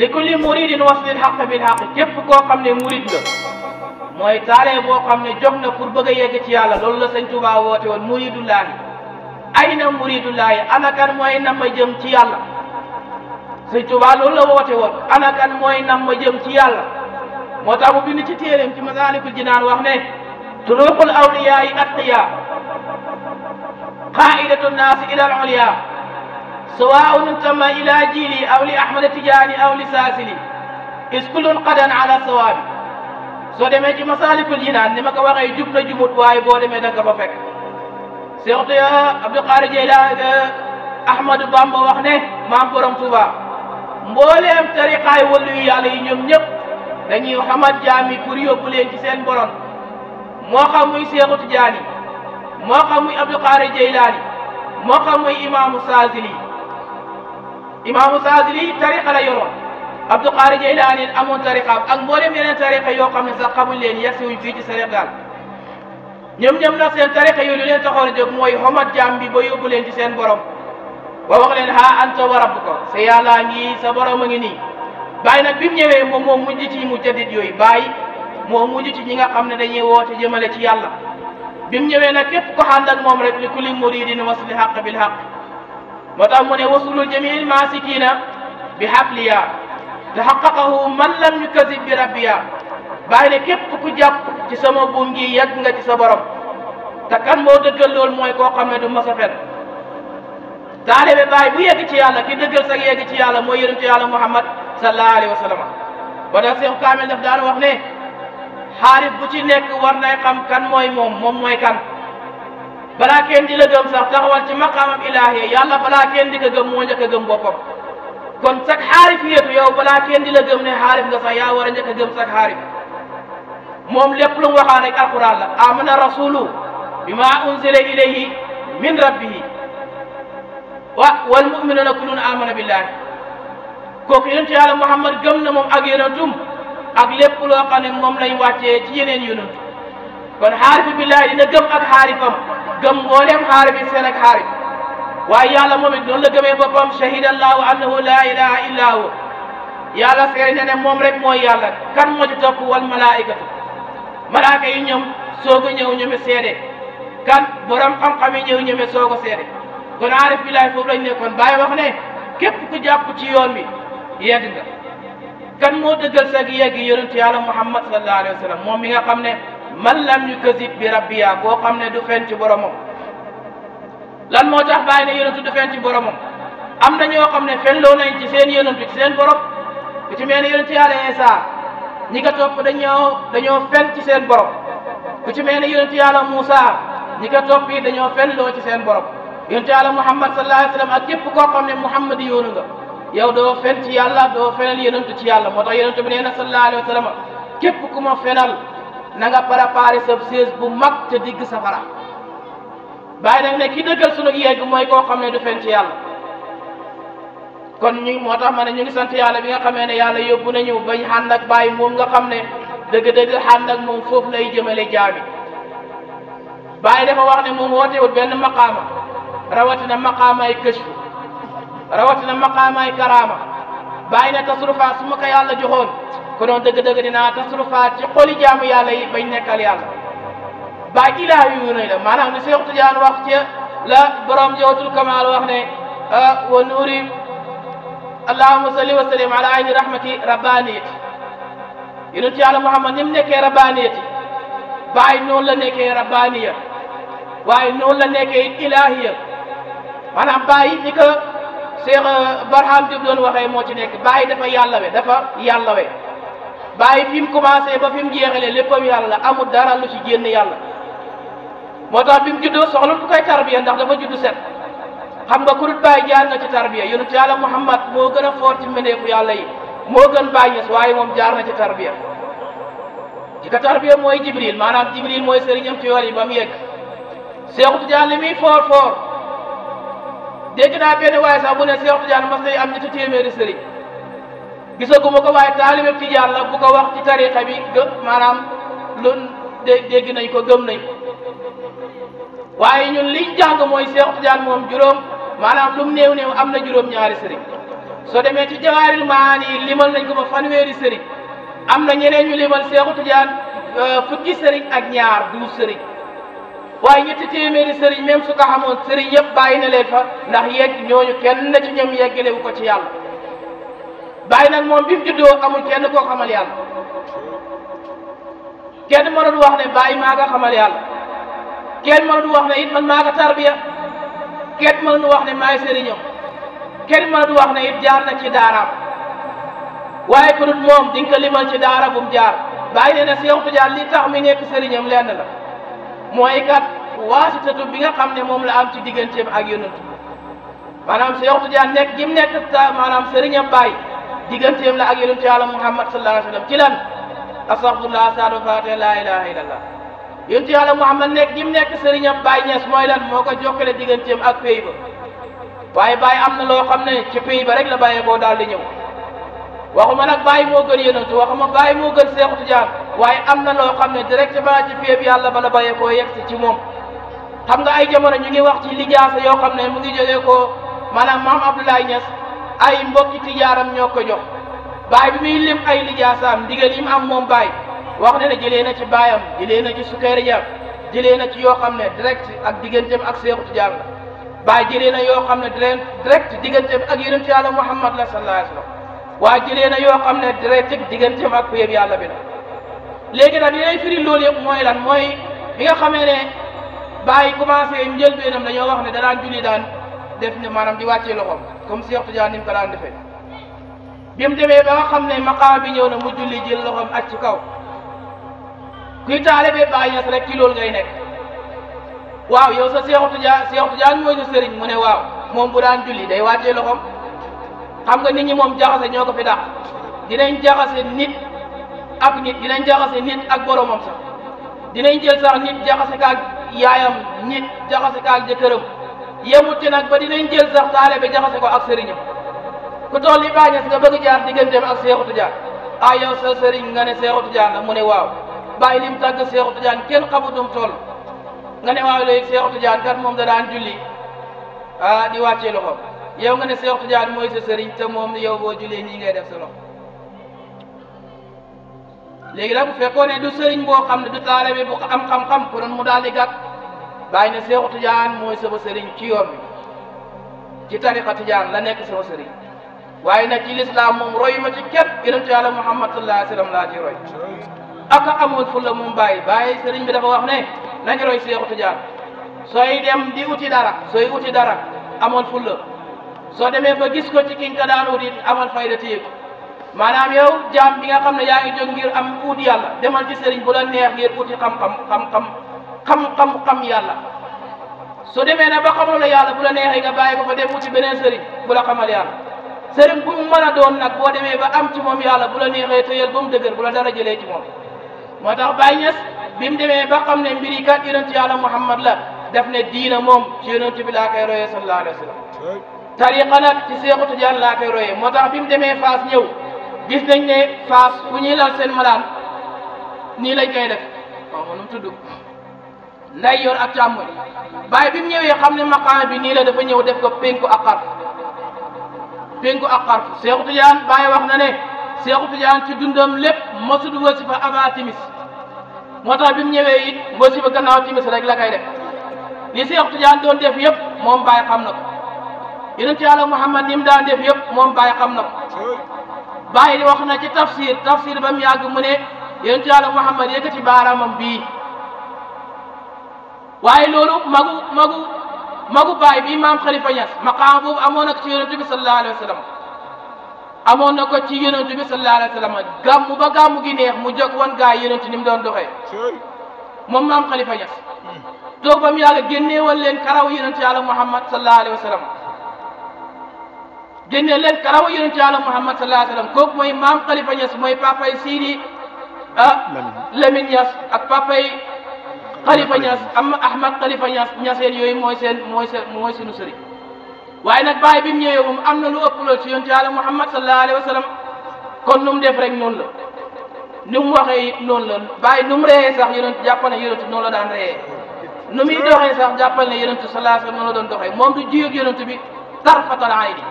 li kulli muridin waslil képp koo xam ne murid la a taale boo xam ne jóg na pour bëgg a yegg ci yàlla loolu la sëñ Tuubaa woote woon muridullaahi ay na muridullaahi ana kan mooy nam ma jëm ci yàlla sëñ Tuubaa loolu la woote woon ana kan mooy nam ma jëm ci yàlla moo tax mu bind ci téeréem ci Masaalikul Jinaan wax ne turuqul awliyaa yi atqiyaa qaaidatu naasi ilal ulyaa سواء انتم الى جيلي او لاحمد تجاني او لساسلي is kullun qadan ala sawaabi soo demee ci masaalikul jinaan ni ma ko waxee jub na jubut waaye boo demee danga ko fekk Seex Abdul Qaadir Jeylaani Ahmadu Bamba wax ne maam borom Tuuba mbooleem tariqaay wàllu yu yàlla yi ñoom ñëpp dañuy xamat jaam yi pour yóbbu leen ci seen borom moo xam muy Seexu Tijaani moo xam muy Abdul Qaadir Jeylaani moo xam muy imaamu Saasili imaamu Saadili tariqa la yoroon Abdou Qaari Jaylaani amoon tariqaam ak mboolem yeneen tariqa yoo xam ne sax xamuñ leen yegsiwuñ fii ci Sénégal ñoom ñoom nag seen tariqa yooyu lu leen taxoon a jóg mooy xomat jaam bi ba yóbbu leen ci seen borom wa wax leen ha anta wa rabbuka sa yàllaa ngi sa borom a ngi nii bàyyi na bi mu ñëwee moom moo mujj ci mujjadit yooyu bàyyi moo mujj ci ñi nga xam ne dañuy woote jëmale ci yàlla bi mu na nag képp ko ànd ak moom rek li kulli muridin wasli haqq moo tax mu ne wasulu jamil maasikina bi habliya taxaqaqahu man lam yukazib bi rabbiya bàyyi ne képp ku jàpp ci sama buum gi yegg nga ci sa borom te kan moo dëggal loolu mooy koo xam ne du mas a fen taalibe baay bu yegg ci yàlla ki dëggal sa yegg ci yàlla mooy yonentu yàlla Muhammad sallallahu alayhi wa sallam ba tax Seex Kaamil daf daan wax ne bu ci nekk war nay xam kan mooy moom moom kan balaa kenn di la gëm sax taxawal ci maqaamam ilaahi yàlla balaa kenn di ko gëm moo njëkk a gëm boppam kon sag xaarif yéetu yow balaa kenn di la gëm ne xaarif nga sax yaa war a njëkk a gëm sag xaarif moom lépp lu mu waxaan rek alquran la amana rasulu bima unzila ilayhi min rabbihi wa wal muminuna kullun amana billahi kooku yonent yàlla muhammad gëm na moom ak yonentum ak lépp loo xam ne moom lañ wàccee ci yeneen yonent kon xaarifu billahi dina gëm ak xaarifam gëm mbooleem xaarib yi seen ak xaarib waaye yàlla moom it noonu la gëmee boppam shahida allahu annahu laa ilaha illa hu yàlla seere na ne moom rek mooy yàlla kan moo ci topp wal malaayikatu malaaka yi ñoom soog a ñëw ñoome seede kan borom xam-xam yi ñëw ñoome soog a seede kon aarif billahi foofu lañ nekkoon bàyyi wax ne képp ku jàpp ci yoon bi yegg nga kan moo dëggal sa gi yegg yonent yàlla muhammad sallallahu alayhi wa sallam moom mi nga xam ne man lam yu kasib bi rabbiya koo xam ne du fen ci boromam lan moo tax bàyyi ne yonentu du fen ci boromam am na ñoo xam ne fen loo nañ ci seen yonentu ci seen borom ku ci mel ne yonentu yàlla Iisaa ñi ko topp dañoo dañoo fen ci seen borom ku ci mel ne yonentu yàlla Muusaa ñi ko topp yi dañoo fen loo ci seen borom yonentu yàlla Muhammad sallallahu alayhi wa sallam ak képp koo xam ne Muhammad yoonu nga yow doo fen ci yàlla doo fenal yonentu ci yàlla moo tax yonentu bi nee na sallallahu alayhi wa sallam képp ku ma fenal na nga préparé sa siège bu mag te digg safara bàyyi nag ne ki dëggal sunu yegg mooy koo xam ne du fen ci kon ñu moo tax ma ne ñu ngi sant yàlla bi nga xamee ne na yóbbu nañu bañ ànd ak baay moom nga xam ne dëgg-dëgg ànd ak moom foofu lay jëmale jaami bàyyi dafa wax ne moom wootewul benn maqaama rawatina maqaamaay këshfu kaama maqaamaay karaama bàyyi ne tasrufa su ma ko yàlla joxoon كنون دغ دغ دينا تصرفات قول جام يا لي بين نكال يال با الى يونا لا ما سيخت جان وقت لا برام جوت الكمال وخني ونوري اللهم صل وسلم على عين رحمتي رباني ينتي على محمد نم نكي رباني باي نون نكي رباني واي نون نكي الهي ما نعم باي نيكو شيخ برهام وخي موتي باي دفا يالله دفا يالله bàyyi fi mu commencé ba fi mu jeexalee léppam yàlla amul dara lu ci génn yàlla moo tax bi mu juddoo soxla ku koy tarbiya ndax dafa judd set xam nga kurut bàyyi jaar na ci tarbiya yonent yàlla Muhammad moo gën a foor ci meneeku yàlla yi moo gën bàyyi waaye moom jaar na ci tarbiya ci ka tarbiya mooy Jibril maanaam Jibril mooy sëriñam ci yoon yi ba mu yeg Seexu Tijaan li muy foor foor dégg naa benn waaye sax bu ne Seexu Tijaan mas nay am ñetti téeméeri sëriñ gisaguma ko waaye taalibe tijaan la bu ko wax ci tariqa bi gë maanaam loolu dégg nañ ko gëm nañ waaye ñun liñ jàng mooy Cheikh Tidiane moom juróom maanaam lu mu néew néew am na juróom-ñaari sëriñ soo demee ci jawaaril maani yi limal nañ ko ba fanweeri sëriñ am na ñeneen ñu limal Cheikh Tidiane euh, fukki sëriñ ak ñaar du sëriñ waaye ñetti téeméeri sëriñ même su ko xamoon sëriñ yëpp bàyyi na leen fa ndax yegg ñooñu kenn na ci ñoom yeggalewu ko ci yàlla bay nak mom bim mu amul kenn ko xamal yalla kenn mo doon wax ne bay maa nga xamal yalla kenn mo doon wax ne it man maa nga tarbiya kenn mo doon wax ne may serigne kenn mo doon wax ne it jaar na ci dara waye ko dut mom ding ko limal ci dara bu jaar bay ne na seyou tudjar li tax mi serigne am len la moy kat wasitatu bi nga xamne mom la am ci digeentem ak yonent maanaam Seex Tijaan nekk gi mu nekk maanaam sëriñam bay digganteem la ak yonentu yàlla Muhammad sallallahu alayhi wa sallam ci lan astaghfirullah saadu faate laa ilaha illallah yonentu yàlla Muhammad nekk gi mu nekk sëriñam Baye Niass mooy lan moo ko jokkale digganteem ak pays ba waaye Baye am na loo xam ne ci pays ba rek la bàyyee boo daal di ñëw waxuma nag Baye moo gën yonentu ma Baye moo gën Seexu Tijaan waaye am na loo xam ne directement ci pays bi yàlla bala bàyyee koo yegg si ci moom xam nga ay jamono ñu ngi wax ci lijaasa yoo xam ne mu ngi jógee ko maanaam maam Abdoulaye Niass ay mbokki tijaaram ñoo ko jox baay bi muy lim ay lijaasaam ndigal yi mu am moom baay wax na ne jëlee na ci baayam jëlee na ci sukkeerijaam jëlee na ci yoo xam ne direct ak digganteem ak seexu tijaan la jëlee na yoo xam ne direct digganteem ak yonent yàlla Muhammad la sallallahu alayhi wa sallam waaye jëlee na yoo xam ne direct digganteem ak ku yëpp yàlla bi na léegi nag li lay firi loolu yëpp mooy lan mooy bi nga xamee ne baay commencé njëlbeenam dañoo wax ne danaan julli daan def ne maanaam di wàccee loxoom comme Cheikh Tidiane ni mu ko daan defee bi demee ba nga xam ne maqaam bi ñëw na mu julli jël loxoom ak ci kaw kuy taalibe Baay Ñas rek ci loolu ngay nekk waaw yow sa Cheikh Tidiane Cheikh Tidiane mooy ñu sëriñ mu ne waaw moom bu daan julli day wàccee loxoom xam nga nit ñi moom jaxase ñoo ko fi dinañ jaxase nit ak nit dinañ jaxase nit ak boromam sax dinañ jël sax nit jaxase kaag yaayam nit jaxase kaag jëkkëram. yemut ci nag ba dinañ jël sax taale bi jaxase ko ak sëriñam ku toll ni Baay Ñas nga bëgg jaar digganteem ak Seexu Tijaan ah yow sa sëriñ nga ne Seexu Tijaan la mu ne waaw bàyyi lim tàgg Seexu Tijaan kenn xamutum toll nga ne waaw léegi Seexu Tijaan moom da daan juli a ah, di wàccee loxo yow nga ne Seexu Tijaan mooy sa sëriñ te moom yow boo jullee nii ngay def sa loxo léegi nag bu fekkoon ne du sëriñ boo xam ne du taale bi bu am xam-xam konoon mu daal di gat bàyyi ne Seexu Tijaan mooy sama sëriñ ci yoon bi ci tariqa Tijaan la nekk sama sëriñ waaye nag ci lislaam moom roy ma ci képp yonent Yàlla Muhammad sallallahu alayhi wa sallam laa ci roy aka amoon fu la moom bàyyi bàyyi sëriñ bi dafa wax ne nañu roy Seexu Tijaan sooy dem di uti dara sooy uti dara amoon fu la soo demee ba gis ko ci ki nga daan uti amal fayda téye ko maanaam yow jaam bi nga xam ne yaa ngi am uti yàlla demal ci sëriñ bu la neex ngir uti xam-xam kam kam kam yalla so demé na ba xamul la yàlla bu la nexé nga bàyyi ko fa dem ci benen sëri bu la xamal yàlla sëriñ bu mu mëna doon nak bo demé ba am ci mom yàlla bu la nexé te yel bu mu dëgër bu la dara jëlé ci mom motax tax Baye Niass bi mu demee ba xamné mbiri kat yonent yàlla Muhammad la daf ne diina mom ci yonent bi la kay royee sallallahu alayhi wasallam tariqa nak ci Seexu Tijaan laa koy royee moo tax bi mu demee Faas ñëw gis nañ ne Faas bu ñuy la seen malaan ni lañ koy def waaw nu mu nday yor ak càmmoñ bàyyi bi mu ñëwee xam ne maqaam bi nii la dafa ñëw def ko pénku ak xarf pénku ak xarf Seexu Tijaan bàyyi wax na ne Seexu Tijaan ci dundam lépp mosut wasifa avant timis moo tax bi mu ñëwee it wasifa gannaaw timis rek la koy def li Seexu Tijaan doon def yëpp moom bàyyi xam na ko yonent Yàlla Muhammad ni mu daan def yëpp moom bàyyi xam na ko bàyyi wax na ci tafsir tafsir ba mu yàgg mu ne yonent Yàlla Muhammad yëkkati baaraamam bii waaye loolu magu magu magu bi maam Khalifa Niass maqaama boobu amoon na ci yonent bi sallallahu alayhi wa sallam amoon na ko ci yonent bi sallallahu alayhi wa gàmm ba gàmm gi mu jóg wan gaa yonent ni mu doon doxee moom maam Khalifa Niass toog ba mu yàgg génnee leen karaw yonent yàlla Muhammad sallallahu alayhi wa sallam génnee leen karaw yonent yàlla Muhammad sallallahu alayhi wa sallam kooku mooy maam Khalifa Niass mooy pa Sidi ah Lamine Niass ak papay xalifa ñas am ahmad xalifa ñas ñaseen yooyu mooy seen mooy seen mooy seenu sëriñ waaye nag bàyyi bi mu ñëwee moom am na lu ëpp loolu ci yonent yàlla muhammad sallallahu alayhi wa sallam kon nu mu def rek noonu la nu mu waxee it noonu la bàyyi nu mu reyee sax yonent jàppal ne yonent la daan reyee nu muy doxee sax jàppal ne yonent sallallahu alayhi wa doon doxee moom du jiyeg yonent bi tarfatal ayni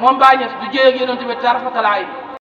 moon bàyyi ñas du jiyeg yonent bi tarfatal ayni